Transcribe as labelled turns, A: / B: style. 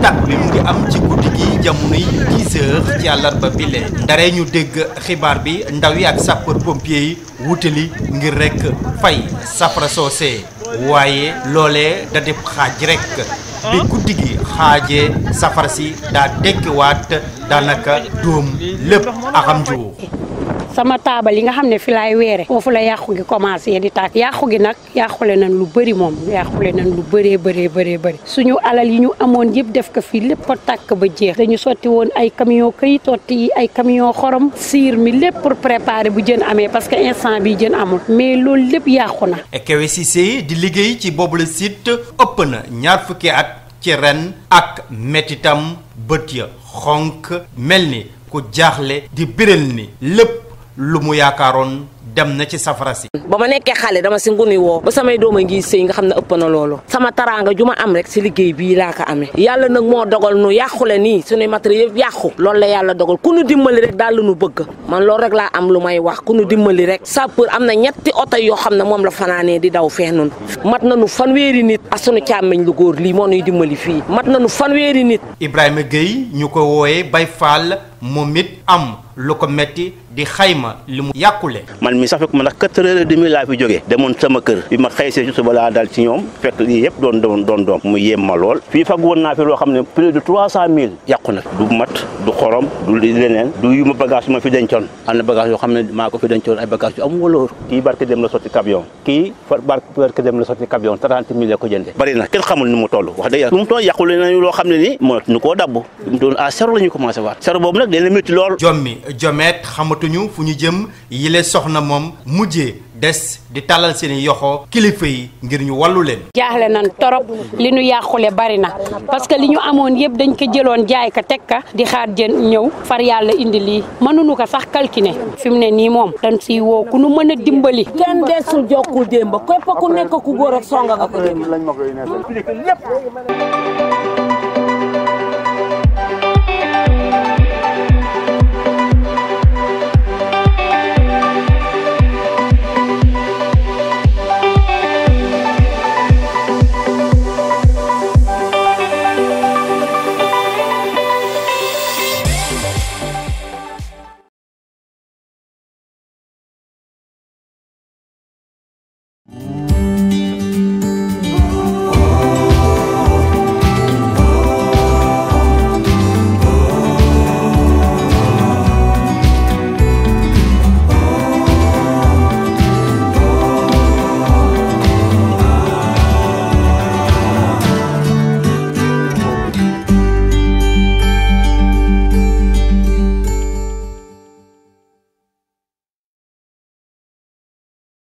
A: Tak lim di am ci guddi gi jamono yi 10h ci alarba bi le ndare ñu deg xibar bi ndaw yi ak sapeur pompier yi wuteli ngir rek fay safra sosé waye lolé da def xaj rek bi guddi gi xajé safar si da dekk wat danaka doom lepp akam jour
B: sama taabal yi nga xam ne fi laay weere foofu la yàqu gi commencé di tàkk yàqu gi nag yàqule nañ lu bëri moom yàqule nañ lu bëree bëree bëree bëri suñu alal yi ñu amoon yëpp def ko fi lépp tàkk ba jeex dañu sotti woon ay camion kay totti ay camion xorom sir mi lépp pour préparer bu jën amee parce que instant bi jën amul mais loolu lépp yàqu na.
A: ekewe sise di liggéey ci boobu le site ëpp ñaar fukki at ci ren ak metitam bët ya xonk mel ni ku jaaxle di biral ni lépp lu mu yaakaaroon dem na ci safara si. ba
C: ma nekkee xale dama si ngumi woo ba samay doom a ngi sëy nga xam ne ëpp na loolu sama taraanga ju ma am rek si liggéey bii laa ko amee yàlla nag moo dogal nu yàqule nii suñuy matériel yëpp yàqu loolu la yàlla dogal ku nu dimbali rek daal nu bëgg man lool rek laa am lu may wax ku nu dimbali rek sapeur am na ñetti oto yoo xam ne moom la fanaanee di daw fee noonu mat nañu fanweeri nit ak sunu càmmiñ lu góor lii moo nuy dimbali fii
A: mat nañu fanweeri nit. Ibrahima Gueye ñu ko wooyee Baye Fall momit am lu ko metti di xayma li mu yàqule.
D: man mi sax ko ma ndax quatre heures et demie laa fi jógee demoon sama kër bi ma xëy see ci suba laa dal ci ñoom fekk lii yëpp doon doon doon doom mu yéem ma lool fii fag woon naa fi loo xam ne plus de trois cent mille yàqu na du mat du xorom du leneen du yu ma bagage ma fi dencoon fan am na bagage yoo xam ne maa ko fi dencoon ay bagage yu am waloor kii barke dem la sotti camion kii barke dem la sotti camion trente mille la ko jënde bari na kenn xamul ni mu toll wax dëgg bu mu toll yàqule nañu loo xam ne ni moo nu koo dabb mu doon à zéro la ñu waat
A: zéro boobu nag dana métti lool jommi jomeet xamatuñu fu ñu jëm yile soxna moom mujjee des di tàllal seen i yoxoo kilifa yi ngir ñu wallu leen.
B: jaaxle nañ torop li nu yàqule bari na parce que li ñu amoon yëpp dañ ko jëloon jaay ka teg ka di xaar jën ñëw far yàlla indi lii mënuñu ko sax calculer fi mu ne nii moom dañ siy woo ku nu mën a dimbali. kenn desul jokkul démb képp ku nekk
C: ku góor ak songa nga ko démb.